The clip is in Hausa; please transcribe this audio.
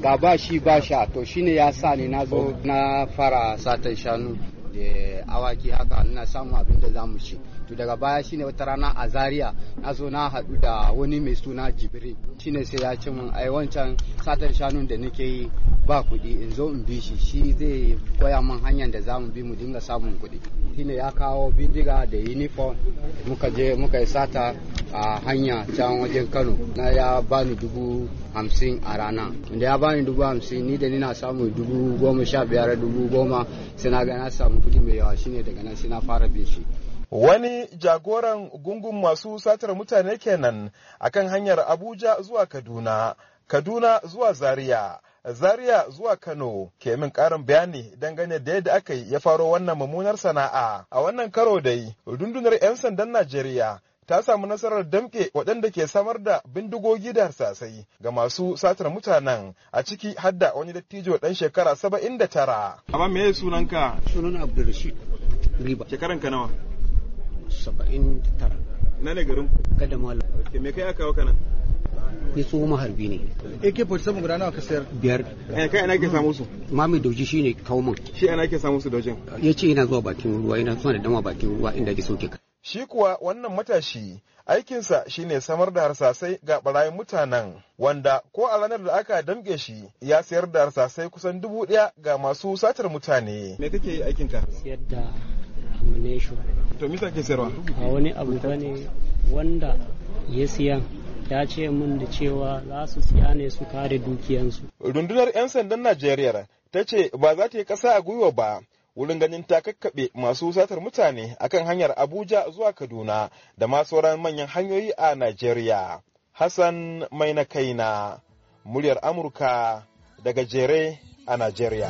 ga ba shi ba sha to shine ya sa ni na zo na fara satan shanu da awaki haka na samu abin da zamu ci to daga baya shine wata rana a zaria na zo na haɗu da wani mai suna jibri shine sai ya ce min ai wancan satan shanun da nake yi ba kuɗi in zo in bi shi shi zai koya min hanyar da zamu bi mu dinga samun kuɗi shine ya kawo bindiga da uniform muka je muka yi sata a hanya can wajen kano na ya bani dubu hamsin a rana da ya bani dubu hamsin ni da ni na samu dubu goma sha biyar dubu goma sai na samu kudi mai yawa shine daga nan sai fara bin shi wani jagoran gungun masu satar mutane kenan akan hanyar abuja zuwa kaduna kaduna zuwa zaria zaria zuwa kano ke min karin bayani dangane da yadda aka yi ya faro wannan mummunar sana'a a wannan karo dai rundunar 'yan sandan najeriya ta samu nasarar damƙe waɗanda ke samar da bindigogi da harsasai ga masu satar mutanen a ciki hadda wani dattijo ɗan shekara saba'in da tara. Amma me ya sunanka? Sunan Abdulrashid Riba. Shekaran ka nawa? Saba'in da tara. Na ne garin? Gada malam. Ke me kai aka kawo kana? Ni tsoho maharbi ne. AK forty seven guda a ka sayar? Biyar. Eh kai ana ke samu su? Mami Dauji shi ne kawo min. Shi ana ke samu su Daujin? Ya ce ina zuwa bakin ruwa ina zuwa da dama bakin ruwa inda ke sauke ka. Shi kuwa wannan matashi aikinsa shine samar da harsasai ga barayin mutanen wanda ko a ranar da aka damge shi ya sayar da harsasai kusan dubu ɗaya ga masu satar mutane. Me kake yi aikinka? Sayar da ammunition. To misa ke sayarwa? A wani abu ne wanda ya siya ya ce min da cewa za su siya ne su kare dukiyansu. Rundunar 'yan sandan Najeriya ta ce ba za ta yi ƙasa a gwiwa ba wurin ganin ta kakkaɓe masu satar mutane akan hanyar Abuja zuwa Kaduna da ma sauran manyan hanyoyi a Najeriya. Hassan mai na kaina, muryar Amurka daga jere a Najeriya.